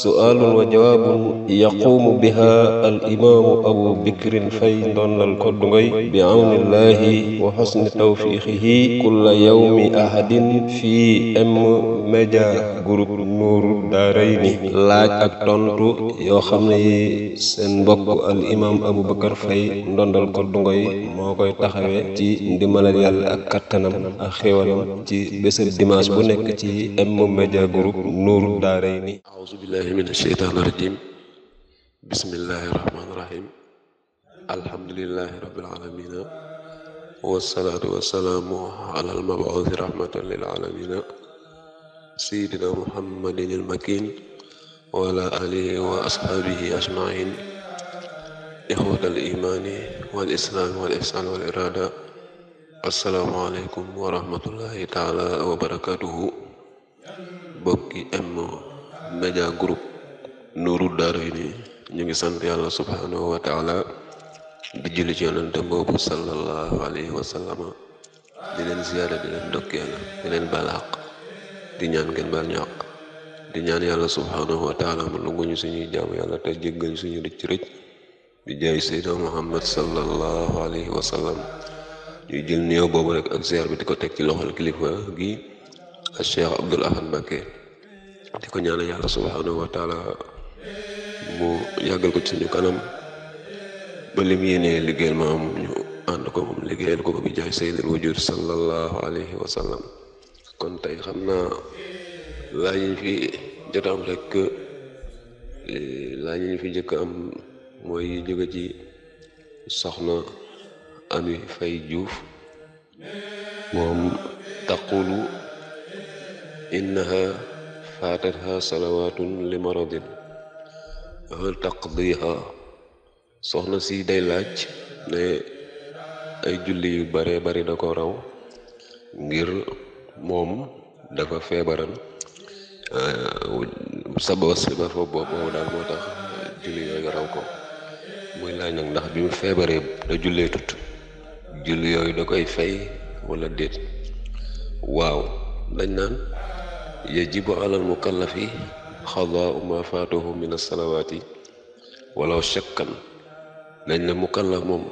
suaalun wa jawaabun yaquumu biha al imaamu abu bikrin fay ndondal koddungoy bi awnillahi wa xosni tawfiixihi kulla yawmi ahadin fii M Media Group Nour Daarayni laaj ak tontu yoo xam ne seen mbokk al imaam abu bakar fay ndondal koddungoy moo koy taxawee ci ndimbalal yàlla ak kattanam ak xéwalam ci bésëb dimanche bu nekk ci M Media Group Nour Daarayni billahi min asheytaan irajim bismillahi irahmaani irahim alhamdulilahi rabilalamina wasalaatu wasalaamu ala almabuuthi rahmatan lilalamina sayidina muhammadin ilmakin wa ala alihi wa ashaabihi ajmain ixwat alimaani walislaami walihsaan walirada assalaamu aleykum wa rahmatullahi taala wa barakatuhu bokki am média groupe nuuru daaru yi nii ñu ngi sant yàlla subhanahu wa taala di julli ci yonente boobu sallallahu alayhi wa di leen ziyaara di leen dokkeel di leen baal àq di ñaan ngeen baal ñàq di ñaan yàlla subhanahu wa taala ñu suñu rëcc rëcc di jaay seydina muhammad sallallahu alayhi wa sallam ñuy jël boobu rek ak ziar bi di ko teg ci loxol kilifa gi ak cheikh abdul ahad mbakke di ko ñaanal yàlla subhanahu wa taala mu ko ci suñu kanam ba lim yéenee liggéeyal maam ñu ànd ko moom liggéeyal ko bi jaay sayyidul wujud sallallahu alayhi wa kon tey xam naa laaj ñu fi jot am rek laaj ñu fi jëkk am mooy jóge ji soxna ami fay juuf moom taqulu innaha faatatha salawatun li maradin hal taqdiha soxna si day laaj ne ay julli yu bare bari da ko raw ngir moom dafa feebaran sababa feebar foofu boobu daal moo tax julli yooyu raw ko muy laaj nag ndax bi feebaree da jullee tut julli yooyu da koy fay walla déet waaw dañ naan yajibu ala almukallafi xadaau ma faatahu min alsalawaati walaw shakkan nañ ne mukallaf moom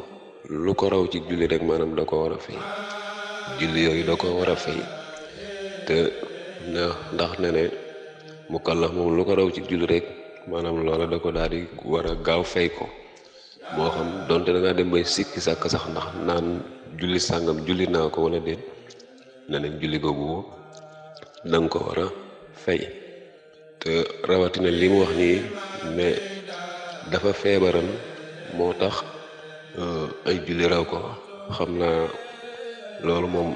lu ko raw ci julli rek maanaam da ko war a fay julli yooyu da war a fay ndax ne ne mukallaf moom lu ko raw ci julli rek maanaam loola da ko daal di war a gaaw fay ko moo xam donte da ngaa dem bay sikki sàkk sax ndax naan julli sàngam julli naa ko wala déet na julli googu danga ko war a fay te rawatina li wax nii ne dafa feebaran moo tax euh, ay julli raw ko xam na loolu moom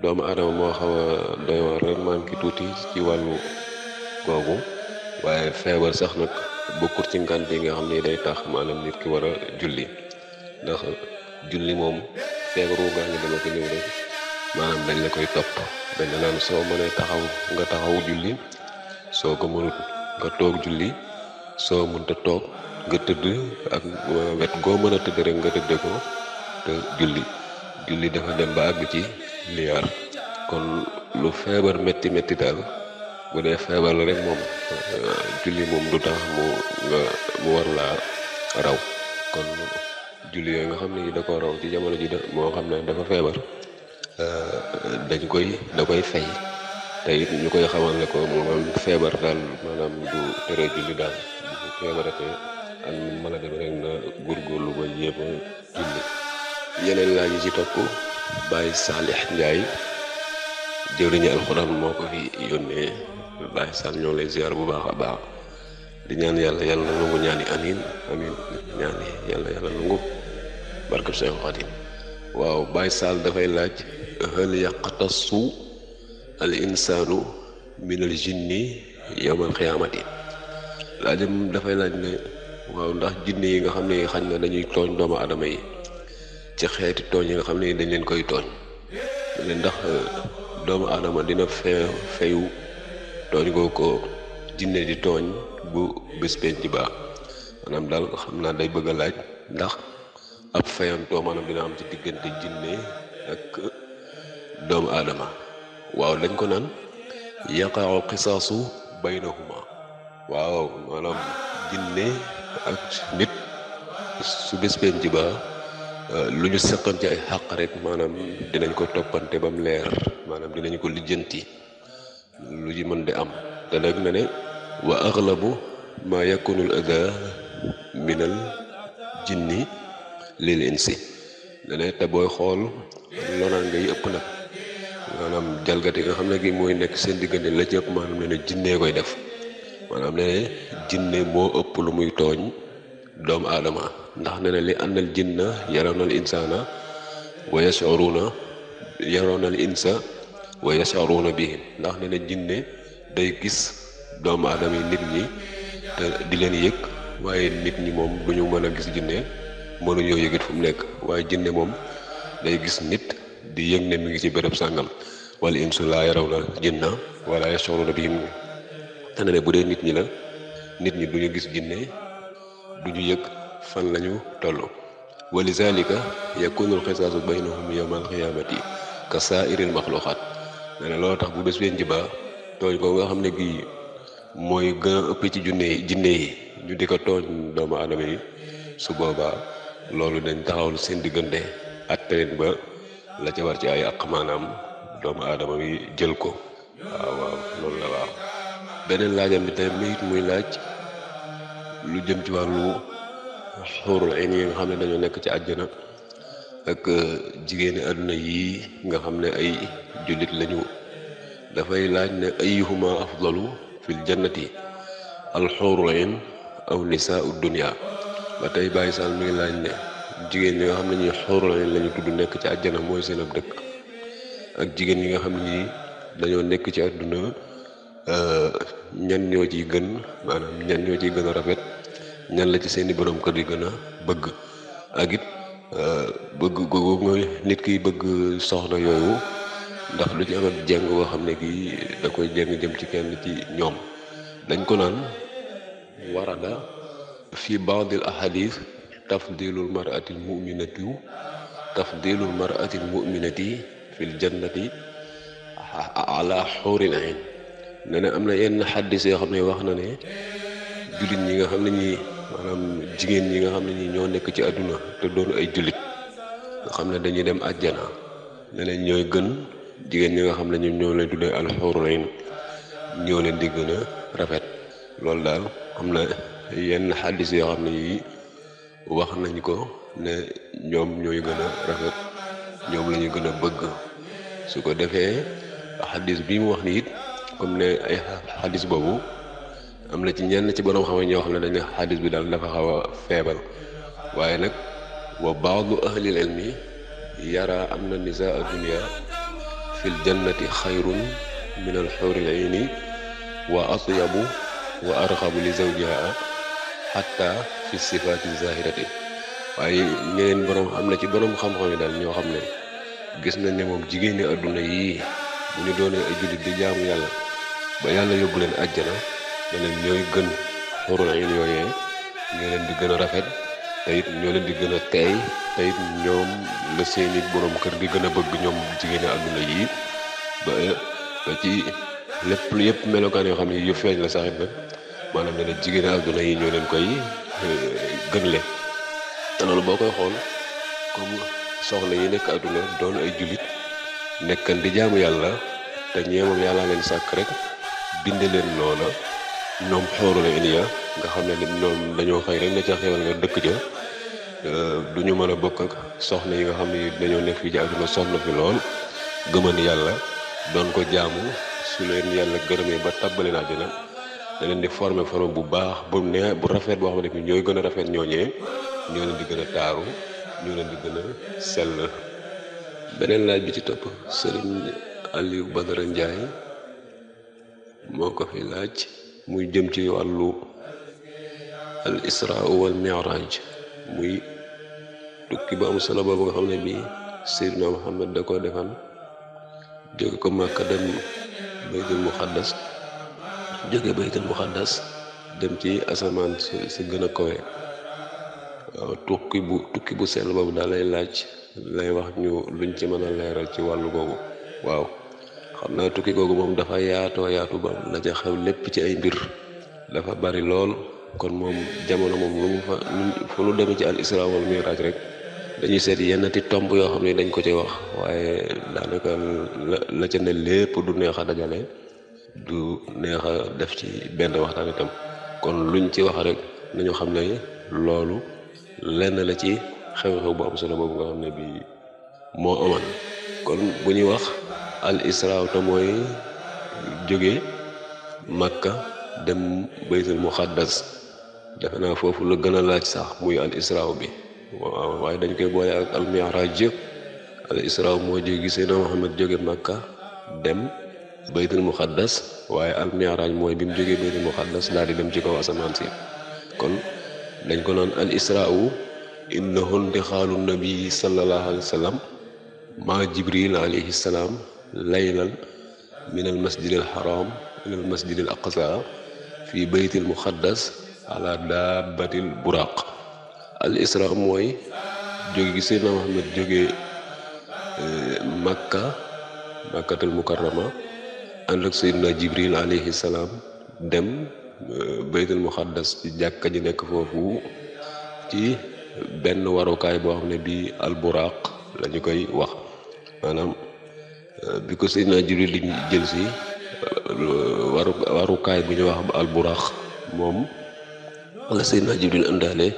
doomu aadama moo xaw a doy war rek maam ki tuuti ci wàllu googu waaye feebar sax nag bokkut ci yi nga xam ne day tax maanaam nit ki war julli ndax julli moom feebaru ngaa ngi dama ko ñëw rek maanaam dañ la koy topp dañ naan soo mënee taxaw nga taxaw julli soo ko mënut nga toog soo mënta toog nga tëdd ak euh, wet goo mën a tëdd rek nga tëdd ko te julli julli dafa dem ba àgg ci liyaar kon lu feebar metti métti daal bu dee feebar la rek moom euh, julli moom du tax mu nga mu war laa raw kon julli yooyu nga xam ne da ko raw ci jamono ji da moo xam ne dafa feebar dañ koy da koy fay te ñu koy xamal ne ko moom feebar daal maanaam du tere julli daal bu feebaratee ak nu mën a dem rek na góorgóorlu ba jéem a julli yeneen laaj yi ci topp Baye Salih Ndiaye jëwriñu alxuraan moo ko yónnee Baye Sall ñoo lay ziar bu baax a baax di ñaan yàlla yàlla na ñaani amin ñaani yàlla yàlla nangu barkab Seex Xaadim waaw Baye Sall dafay laaj hal yaqtasu al insaanu min al jinni yowmal xiyaamati laa jëm dafay laaj ne waaw ndax jinne yi nga xam ne xañ na dañuy tooñ doomu aadama yi ci xeeti tooñ yi nga xam ne dañ leen koy tooñ ndax euh, doomu aadama dina fee feyu tooñ koo ko jinne di tooñ bu bés penc ba maanaam daal xam naa day bëgg a laaj ndax ab fayantoo maanaam dina am ci diggante jinne ak doomu aadama waaw dañ ko naan yaqaaw xisaasu baynahuma waaw maanaam jinne ak nit su bés been ji ba euh, lu ñu seqan ci ay xàq rek maanaam dinañ ko toppante ba mu leer maanaam dinañ ko lijjanti lu ji mën di am te nag na ne wa aglabu ma yakunul ada minal jinni lil insi ne te booy xool lonaange yi ëpp nag maanaam jalgati nga xam ne gi mooy nekk seen diggante la ci ëpp maanaam nee na jinnee koy def maanaam nee na jinne moo ëpp lu muy tooñ doomu aadama ndax nee na li àndal jinna yaroonal insaana na yashuruuna yaroonal insa wa yashuruuna bi ndax nee na jinne day gis doomu aadama yi nit ñi te di leen yëg waaye nit ñi moom du ñu mën a gis jinne mënuñoo yëgit fu mu nekk waaye jinne moom day gis nit di yëg ne mi ngi ci béréb sàngam wala insu laa yaraw na jinna wala yashuruna bihim te ne bu dee nit ñi la nit ñi duñu gis jinne duñu yëg fan lañu toll wa lizalika yakunu alxisaasu baynahum yowma alxiyaamati ka saairil maxluqaat nee na loolu tax bu bés benn jibaa tooñ ko nga xam ne gii mooy gën a ëpp ci junne yi jinne yi ñu di ko tooñ doomu aadama yi su boobaa loolu dañ taxawul seen diggante atte leen ba la ca war ci ay àq maanaam doomu aadama bi jël ko waaw waaw loolu la beneen laajam bi tamit muy laaj lu jëm ci wàllu xóorul ay yi nga xam ne dañoo nekk ci àjjana ak euh, jigéeni àdduna yi nga xam ne ay jullit lañu dafay laaj ne ayyuhuma afdalu fil jannati al xóorul ayn aw nisaa dunya ba tey bàyyi saal mi ngi laaj ne jigéen ñi nga xam ne ñuy xóorul lañ lañu tudd nekk ci àjjana mooy seen ab dëkk ak jigéen ñi nga xam ne ñi dañoo nekk ci àdduna eh, ñan ñoo ci gën maanaam ñan ñoo ci gën a rafet ñan la ci seeni borom kër yi gën a bëgg ak it eh, bëgg nit kiy bëgg soxna yooyu ndax lu ci am ak jeng boo xam ne gi da koy jeng jëm ci kenn ci ñoom dañ ko naan warada fi baadil ahadith tafdilul maratil muminati tafdilul maratil muminati fil jannati ala xurin ayn nee na am na yenn xaddis yoo xam ne wax na ne jullit ñi nga xam ne ñi jigéen ñi nga xam ne ñi ñoo nekk ci àdduna te doon ay jullit nga xam ne dañuy dem àjjana nee na ñooy gën jigéen ñi nga xam ne ñoom ñoo leen tuddee alxuurayn ñoo leen di gën a rafet loolu daal xam na yenn xaddis yoo xam ne yii wax nañ ko ne ñoom ñooy gën a rafet ñoom la ñu gën a bëgg su ko defee xadis bi mu wax ni it comme ne ay xadis boobu am na ci ñenn ci borom xam ñoo xam ne dañ ne bi daal dafa xaw a feebal waaye nag wa baadu ahlil ilmi yara am na nisaa dunia fil jannati xayrun min al wa atyabu wa arxabu zawjiha xatta fi sifaati zahirati waaye ñeneen borom am na ci borom xam-xam yi daal ñoo xam ne gis nañ ne moom jigéen ñi adduna yii bu ñu doonee ay di jaamu yàlla ba yàlla yóbbu leen àjjana ne leen ñooy gën xurul ayn yooyee ñoo di gën a rafet te di gën a teey te it ñoom la seeni borom kër di gën a bëgg ñoom jigéen ñi adduna yii ba ci lépp yëpp melokaan yoo xam ne yu feeñ la sax it maanaam ne na jigéen àdduna yi ñoo leen koy eh, gënle te loolu boo koy xool comme soxna yi nekk àdduna doon ay jullit nekkan di jaamu yàlla te ñeemam yàlla leen sàkk rek binde leen noona ñoom xooru la iniya nga xam ne ñoom dañoo xëy rek ne ca xewal nga dëkk ja eh, du ñu mën a bokk ak soxna yi nga xam ne dañoo nekk fii ci àdduna sonn fi lool gëmën yàlla doon ko jaamu su leen yàlla gërëmee ba tàbbale naa dina da leen di former forme bu baax bu neex bu rafet boo xam ne ñooy gën a rafet ñooñee ñoo leen di gën a taaru ñoo leen di gën a sell beneen laaj bi ci topp Serigne Aliou Badara Ndiaye moo ko fi laaj muy jëm ci wàllu al israa wal mi'raj muy tukki ba am boobu nga xam ne bii Seydina Muhammad da ko defal jóge ko Màkka dem Baytul Muqaddas jóge baytul muqaddas dem ci asamaan si gën a kawe tukki bu tukki bu sell boobu daal lay laaj lay wax ñu luñ ci mën a leeral ci wàllu googu waaw xam naa tukki googu moom dafa yaato yaatu ba la ca xew lépp ci ay mbir dafa bari lool kon moom jamono moom lu mu fa fu nu demee ci al isra wal miraaj rek dañuy seet yenn ti tomb yoo xam ne dañ ko ci wax waaye daanaka la ca ne lépp du neexa dajale du neex def ci benn waxtaan itam kon lu luñ ci wax rek nañu xam ne loolu lenn la ci xew-xew bu am solo boobu nga xam ne bi moo amoon kon bu ñuy wax al israa te mooy jóge makka dem baytul muqaddas defe naa foofu la gën a laaj sax muy al israa bi waaw waaye dañ koy boole ak al mi'raaj al israa moo jóge Seydina Muhammad jóge makka dem baytul muqaddas waaye al mi'raaj mooy bi mu jógee baytul muqaddas daal dem ci kaw asamaan si kon dañ ko naan al israa'u innahu intixaalu nabi sallallahu alayhi wa sallam maa jibril alayhi salaam laylan min al masjid al haram ila fi baytil muqaddas ala daabatil buraq al mooy jóge gi Seydina Muhammad jóge eh, makka makkatul mukarrama ànd ak sayyidina jibril alayhi salaam dem euh, baytul muqaddas ci jàkka ji nekk foofu ci benn warukaay boo xam ne bii alburaq lañu koy wax maanaam euh, bi ko sayyidina jibril di jël si euh, warukaay bu ñu wax alburaq moom la sayyidina jibril àndaale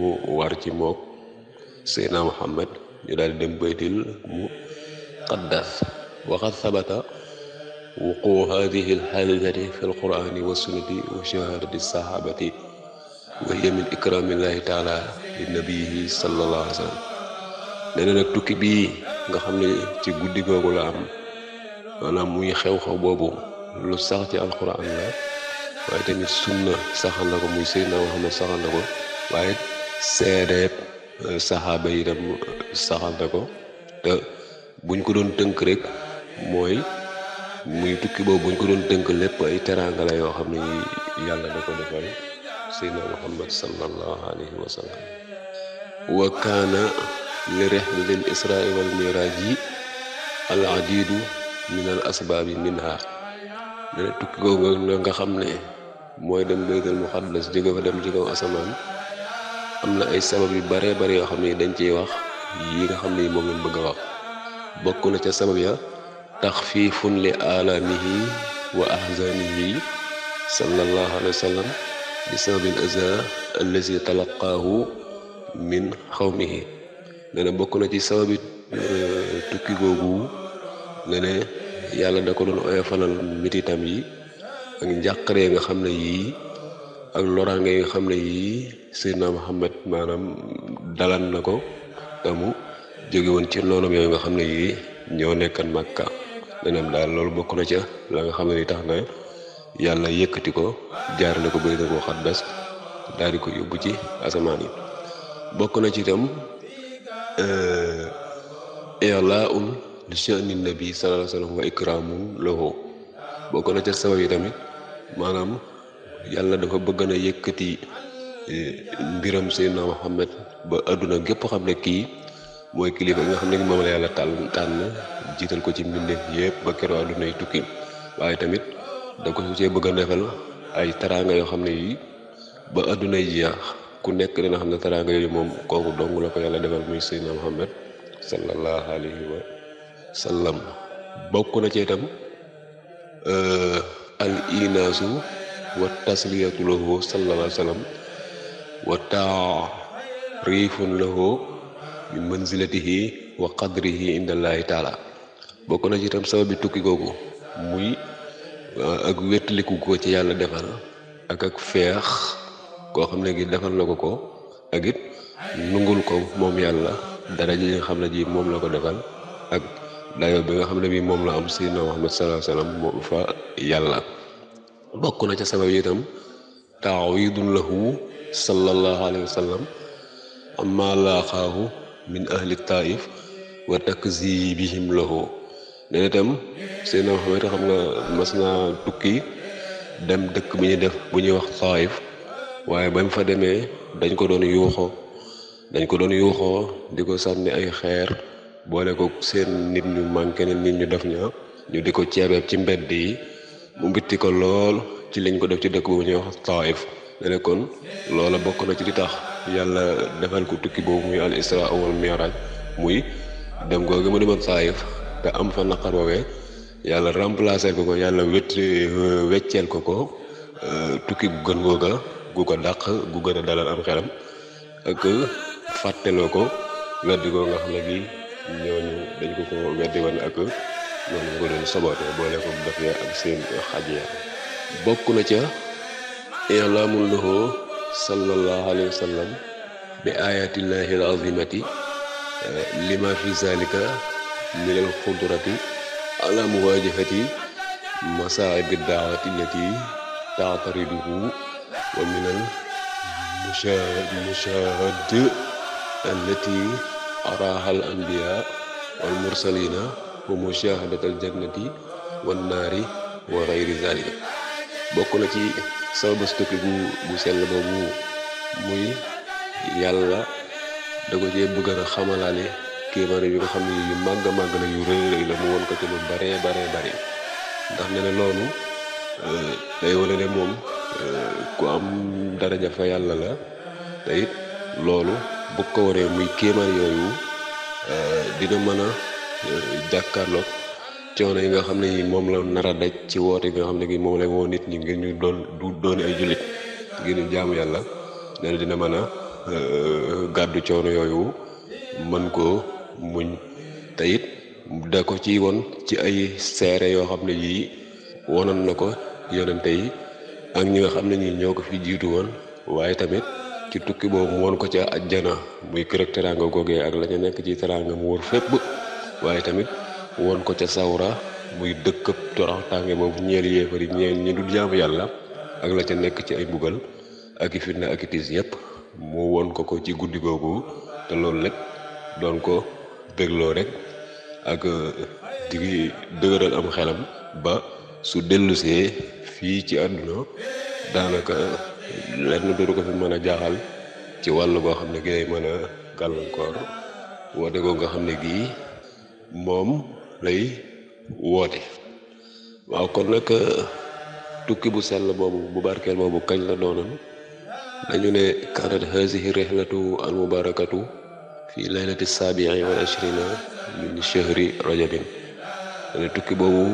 mu war ci mook sayyidina muhammad ñu daal dem baytul muqaddas waxat sabata وقوع هذه الحادثة في القرآن والسنة وشهادة الصحابة وهي من إكرام الله تعالى لنبيه صلى الله عليه وسلم nee na tukki bii nga xam ne ci guddi googu la am maanaam muy xew-xew boobu lu sax ci alquran la waaye tamit sunna saxal na ko muy Seydina Muhammad saxal na ko waaye seedeeb euh, saxaaba yi tam saxal na ko te buñ ko doon tënk rek mooy. muy tukki boobu buñ ko doon tënk lépp ay teraanga yoo xam ne yàlla da ko defal seydna muhammad sallallahu alayhi wa sallam wa kaana li rihlatil israa wal miraaj yi al adidu min al asbaabi minha ne tukki ko nga xam ne mooy dem baytal muqaddas jóge fa dem ci kaw asamaan am na ay sabab yu bare bare yoo xam ne dañ ciy wax yi nga xam ne moom lañ bëgg a wax bokk na ca sabab ya taxfiifun li alaamihi wa ahzaanihi sallallahu alayhi wa sallam bi sababil aza allazi talaqaahu min xawmihi nee na bokk na ci sababi euh, tukki googu ne yàlla da ko doon oyofalal mititam yi ak njàqare nga xam ne yii ak loraange yi nga xam ne yii Seydina Muhammad maanaam dalan na ko tamu jóge woon ci noonam yooyu nga xam ne yii ñoo nekkan Makka dañoom daal loolu bokk na ca la nga xam ne tax na yàlla yëkkati ko jaar na ko bëri na koo xat di ko yóbbu ci asamaan yi bokk na ci itam eh, i'laa'un li sha'ni nabi sallallahu alayhi wa sallam wa ikraamun lahu bokk na ca sabab yi tamit maanaam yàlla dafa bëgg na yëkkati eh, mbiram Seydina Muhammad ba àdduna gépp xam ne kii mooy kilifa yi nga xam ne moom la yàlla tànn jiital ko ci mbindeef yëpp ba keroo àdduna yi tukki waaye tamit da ko cee bëgg a defal ay taraanga yoo xam ne yi ba àdduna yi jeex ku nekk dina xam ne taraanga yooyu moom kooku dong la ko yàlla defal muy Seydina Muhammad sallallahu wa sallam bokk na ci itam eh, al inaasu wa tasliyatu lahu sallallahu wa sallam wa taarifun lahu min manzilatihi wa qadrihi inda allahi taala bokk na ci itam sababi tukki googu muy uh, ak ko ci yàlla defal ak ak feex koo xam ne gi defal na ko ko ak it nungul ko moom yàlla dara ji nga xam ne ji moom la ko defal ak dayo bi nga xam ne bi moom la am sayyidina Muhammad sallallahu alayhi wa sallam moom fa yàlla bokk na ca sabab yi itam taawidun lahu sallallahu alayhi min ahli taif wa takzibihim lahu nee itam seen Muhammad xam nga mas naa tukki dem dëkk bu ñuy def bu ñuy wax taif waaye ba mu fa demee dañ ko doon yuuxoo dañ ko doon yuuxoo di ko sànni ay xeer boole ko seen nit ñu manqué nit ñu def ña ñu di ko ceebeeb ci mbedd yi mu mbitti ko lool ci liñ ko def ci dëkk bu ñuy wax taif ne kon loola bokk na ci di tax yàlla defal ko tukki boobu muy al isra wal muy dem googu mu demoon Taayif te am fa naqar woowee yàlla remplacer ko ko yàlla wecceel ko ko euh, tukki gu gën googa gu ko dàq gu gën a dalal am xelam ak fàtteloo ko weddi goo nga xam ne gi ñooñu dañ ko ko weddi woon ak ñooñu ko doon saboote boole ko defee ak seen xaj ya bokk na ca yàlla mun loxo sallallahu alayhi wa sallam bi ayatillahi alazimati eh, lima fi zalika min alqudrati ala muwajahati masaa'ibi daawati allati taatariduhu wa min almushahad allati araha alanbiya walmursalina wa mushahadati aljannati wannaari wa gayri zalika bokk na ci saw bés tukki bu bu sell boobu muy yàlla da ko cee bëgg a xamalaale kéemaane bi nga xam ne yu màgg màgg la yu rëy rëy la mu woon ko ci lu baree baree bare ndax ne ne loolu euh, day wane ne moom euh, ku am daraja fa yàlla la te it loolu bu ko waree muy kéemaan yooyu euh, dina mën a jàkkaarloog coono yi nga xam ne ni moom la nar a daj ci woote yi nga xam ne gi moom lay woo nit ñi ngir ñu doon du dooni ay jullit ngir ñu jaamu yàlla nee dina mën a euh, gàddu coono yooyu mën ko muñ te da ko ci woon ci ay seere yoo xam ne yii wonoon na ko yonente tey ak ñi nga xam ne ñi ñoo ko fi jiitu woon waaye tamit ci tukki boobu mu woon ko ci àjjana muy kër ak teraanga googee ak la nekk ci teraanga mu wër fépp waaye tamit won ko ca sawra muy dëkkëb torox tànge boobu ñeel yéefari ñeel ñi dul jaamu yàlla ak la ca nekk ci ay mbugal ak fitna ak i tiis yépp mu woon ko ko ci guddi googu te loolu lépp doon ko bégloo rek ak euh, di dëgëral am xelam ba su dellusee fii ci àdduna daanaka euh, lenn dootu ko fi mën a jaaxal ci wàll goo xam ne gi lay mën a gàllankoor woote goo nga xam ne gii moom lay woote waaw kon nag euh, tukki bu sell boobu bu barkeel boobu kañ la doonoon dañu ne kanat hazihi rihlatu al mubarakatu fi laylati saabii wal ashrina min shahri rajabin ne tukki boobu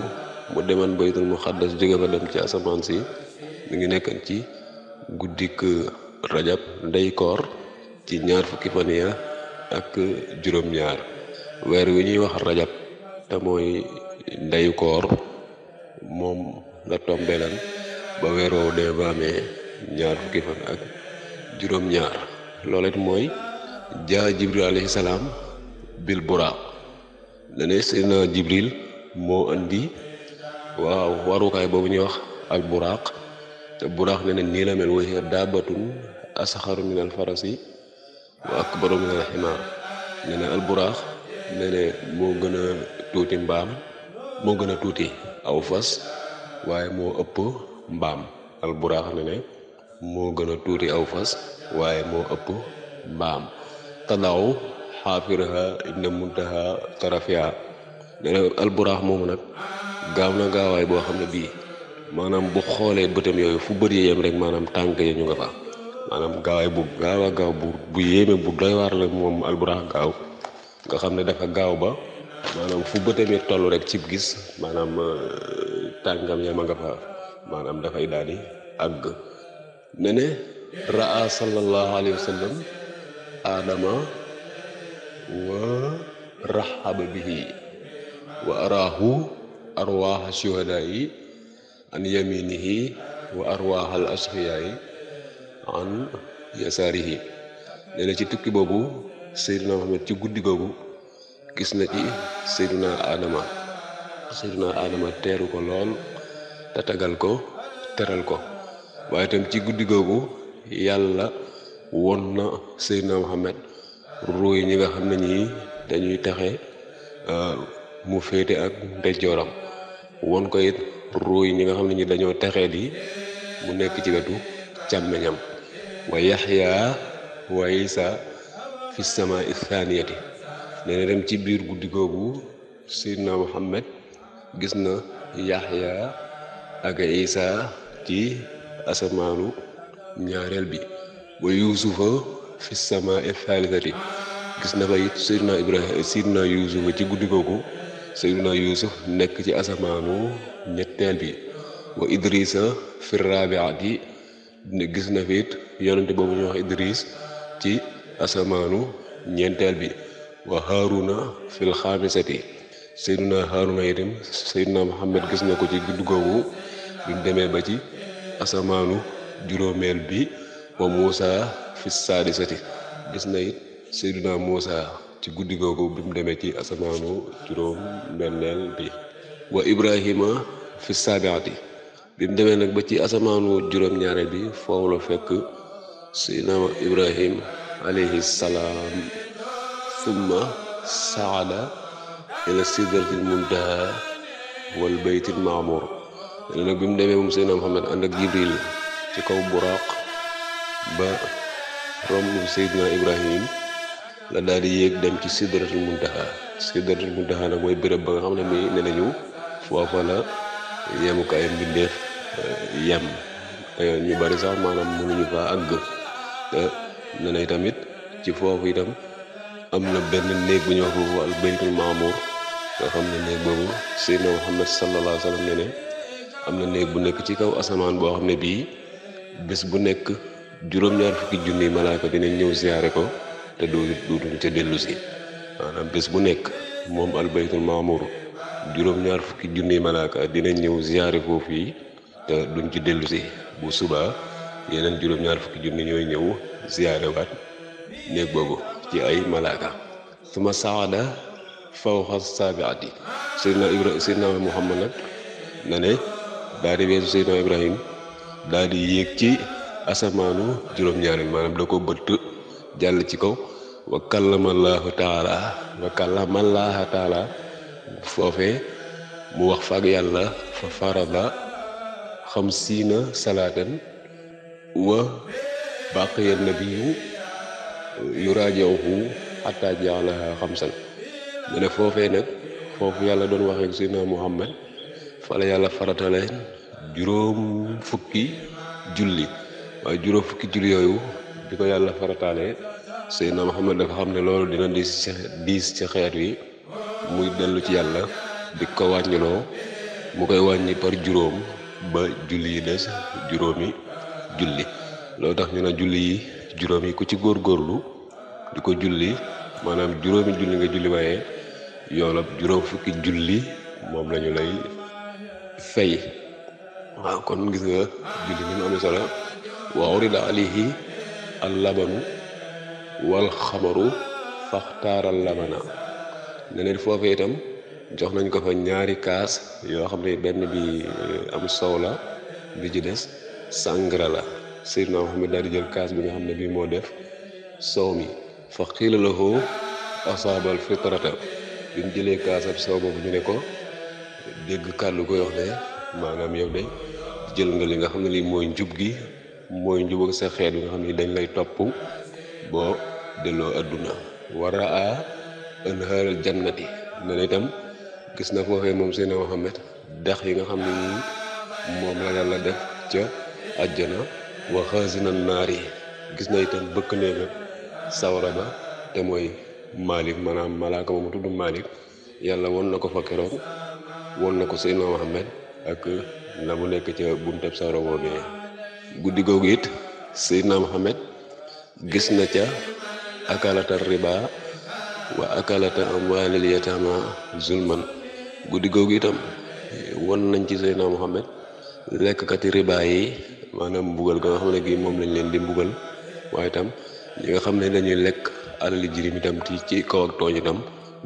mu deman baytul muqaddas jóge fa dem ci asamaan si mu ngi nekkan ci guddik euh, rajab ndey koor ci ñaar fukki fan ya ak juróom-ñaar weer wi ñuy wax rajab te mooy ndeyu koor moom la tombe ba weeroow dee ba amee ñaar fukki fan ak juróom-ñaar loolet mooy jaa jibril alayhi salaam bil buraaq dane seydina jibril moo andi waaw warukaay boobu ñuy wax al buraaq te buraaq ne ne nii la mel wahiya daabatun asaxaru min al farasi wa akbaru min al ximaar ne ne al moo gën tuuti mbaam moo gën a tuuti aw fas waaye moo ëpp mbaam alburaax ne ne moo gën a tuuti aw fas waaye moo ëpp mbaam tadaaw xaafiraha inda muntaha tarafiha ne alburaax moomu nag gaaw na gaawaay boo xam ne bii maanaam bu xoolee bëtam yooyu fu bët yem rek maanaam tànk ya ñu nga fa maanaam gaawaay bu gaaw gaaw bu bu yéeme bu doy waar la moom alburax gaaw nga xam ne dafa gaaw ba maanaam fu bëtamit toll rek ci gis maanaam euh, tàngam yama nga fa maanaam dafay daal di àgg ne ne raa sallallahu alayhi wa sallam aadama wa rahaba bihi wa arahu arwaaha shuhadaa yi yaminihi wa arwaaha al asfiyaa yasaarihi ne ne ci tukki boobu Seydina Muhammad ci guddi googu gis na ci seyduna adama seyduna adama teeru ko lool tatagal ko teral ko waaye itam ci guddi googu yàlla won na seyduna muhammad ruuy ñi nga xam ne ñi dañuy texe euh, mu féete ak ndeyjooram won ko it ruuy ñi nga xam ne ñi dañoo taxee di mu nekk ci wetu càmmeñam wa yaxya wa isa fi sama ithaniyati nee dem ci biir guddi googu seydina muhammad gis na yaxya ak isa ci asamaanu ñaareel bi ba yuusufa fi samaa thalithati gis na fa it na ibrahim seydina yuusufa ci guddi kooku googu seydina yuusuf nekk ci asamaanu ñetteel bi wa idrisa fi raabiati gis na fi it yonente boobu ñu wax idris ci asamaanu ñeenteel bi wa haaruna fil xaamisati seyduna haaruna itam seyduna muhammad gis na ko ci gudd googu bi demee ba ci asamaanu juróomeel bi wa muusa fi saadisati gis na it seyduna ci guddi googu bi ci asamaanu juróom benneel bi wa ibrahima fi saabiati bi demee nag ba ci asamaanu juróom ñaare bi foofu la fekk seyduna ibrahim alayhi summa saada ila sidratil muntaha wal baytil maamur nee nag bi mu demee moom Seydina Muhammad ànd ak ci kaw buraaq ba romb Seydina Ibrahim la daal di yéeg dem ci sidratul muntaha sidratul muntaha nag mooy béréb ba nga xam ne mi ne nañu foofa la yemukaay mbindeef eh, yem eh, ñu bari sax maanaam mënuñu fa àgg te eh, ne nañ tamit ci foofu itam am na benn néeg bu ñuy wax foofu al baytul maamuur nga xam ne néeg boobu Seydina Muhammad sallallahu alayhi ne ne am na néeg bu nekk ci kaw asamaan boo xam ne bii bés bu nekk juróom-ñaar fukki junniy malaaka dinañ ñëw ziyaare ko te dootu dootuñu bu nekk moom al baytul maamuur fukki junniy malaaka dinañ ñëw ziyaare foofu yi te duñ ci dellusi si bu subaa yeneen juróom-ñaar fukki junni ñooy ñëw ziyaare waat néeg boobu ci ay malaaka suma saada fawqa saabiati seydna ibra seydna muhammad na ne daa di weesu seydna ibrahim daa yéeg ci asamaanu juróom-ñaari maanaam da ko bëtt jàll ci kaw wa kallamallahu taala wa kallamallahu taala foofee mu wax fa yàlla fa farada xamsiina salaatan wa baqiya nabiyu a yuraajewu xataa xam xamsan mu ne foofee nag foofu yàlla doon waxee ak Seydina Muhammad fa la yàlla faratale juróom fukki julli waaye juróom fukki julli yooyu di ko yàlla farataale Seydina Muhammad dafa xam ne loolu dina diis ci diis ci xeet wi muy dellu ci yàlla di ko wàññiloo mu koy wàññi par juróom ba julli yi des juróomi julli loolu tax ñu ne julli juróom yi ku ci góorgóorlu di ko julli maanaam juróomi julli nga julli waaye yoolab juróom fukki julli moom lañu lay fay waaw kon gis nga julli ni mu amee solo wa urida alayhi al labanu wal xamaru faxtaaral labana neneen foofee itam jox nañ ko fa ñaari kaas yoo xam ne benn bi eh, am soow la bi ci des sàngara la Seydina Muhammad daal di jël kaas bi nga xam ne bii moo def soow mi fa xiila lahu asaabal fitrata bi mu jëlee kaasab soow boobu ñu ne ko dégg kàddu koy yow de jël nga li nga xam ne lii mooy njub gi mooy njub ak sa xeet bi nga xam dañ lay topp boo delloo adduna wara a anhaaral jannati ne na itam gis na foofee moom Seydina Muhammad dex yi nga xam ne moom la yàlla def ca àjjana wa xaasina gis na itam bëkk néega sawara ba te mooy Malik maanaam malaaka moomu tudd Malik yàlla won na ko fa keroog won na ko Seydina Muhammad ak na mu nekk ca buntab sawara boobee guddi googu it Seydina Muhammad gis na ca akalata riba wa akalata amwaalil yataama zulman guddi googu itam won nañ ci Seydina Muhammad lekkati riba yi maanaam mbugal ga nga xam ne gi moom lañ leen di mbugal waaye itam ñi nga xam ne dañuy lekk alali jirim itam ci ci kaw ak tooñ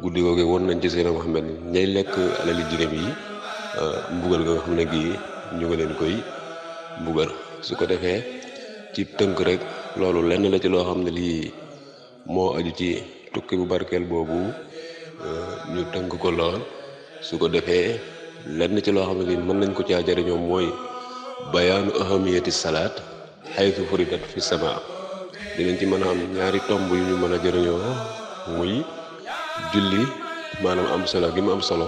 guddi googu nañ ci seen Muhammad ñay lekk alali jirim yi euh, mbugal ga nga xam ne gii ñu ngi leen koy mbugal su ko defee ci tënk rek loolu lenn la ci loo xam ne lii moo aju ci tukki bu barkeel boobu euh, ñu tënk ko lool su ko defee lenn ci loo xam ne lii mën lañ ko caa jariñoo mooy bayaanu ahamiyati salaat xaytu furidat fi sama dinañ ci mën a am ñaari tomb yu ñu mën a jëriñoo muy julli maanaam am solo gi mu am solo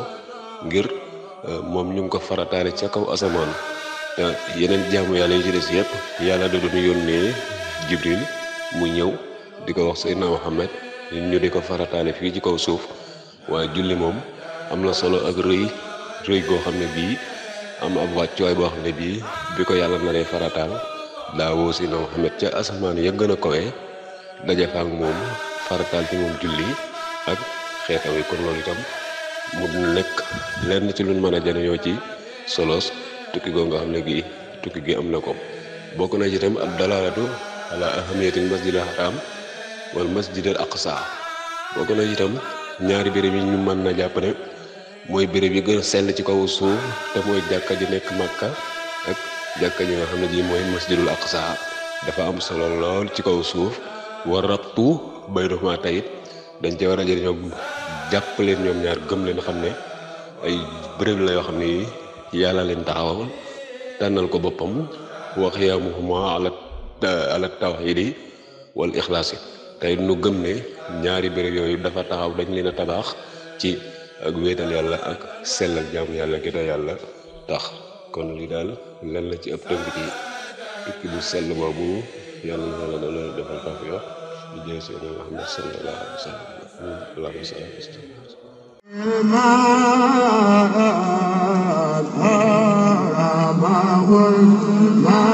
ngir euh, moom ñu ngi ko farataale ca kaw asamaan yeneen jaamu yàlla yi ci des yëpp yàlla da doon yónnee jibril mu ñëw di ko wax Seydina Muhammad ñu di ko farataale fii ci kaw suuf waaye julli moom am na solo ak rëy rëy goo xam ne bii am ab wàccuwaay boo xam ne bii bi ko yàlla naree farataal daa woo si noo xamet ca asamaan ya gën a kowe daje ak moom farataal ci moom julli ak xeetam yi kon loolu itam mu nekk lenn ci luñ mën a jëriñoo ci solos tukki goo nga xam ne gi tukki gi am na ko bokk na ci itam ab dalalatu ala ahamiyatil masjidil haram wal masjidil aqsa bokk na ci itam ñaari béréb yi ñu mën na jàpp ne mooy béréb yi gën a sell ci kaw suuf te mooy jàkka ji nekk Makka ak jàkka ji nga xam ne ji mooy masjidul aqsa dafa am solo lool ci kaw suuf war rabtu bay dofuma tayit dañ ci war a jël ñoom jàpp leen ñoom ñaar gëm leen xam ne ay bërëb la yoo xam ne yàlla leen taxawal tànnal ko boppam wax yaamuhuma ala ala tawxidi wal ixlaas yi tey nu gëm ne ñaari béréb yooyu dafa taxaw dañ leen a tabax ci ak wéetal yàlla ak sellal jaamu yàlla gi te yàlla tax kon li daal lan la ci ëpp tënk ci tukki bu boobu yàlla na la defal tax yo di jël seena Muhammad sallallahu alayhi wa sallam اللهم صل على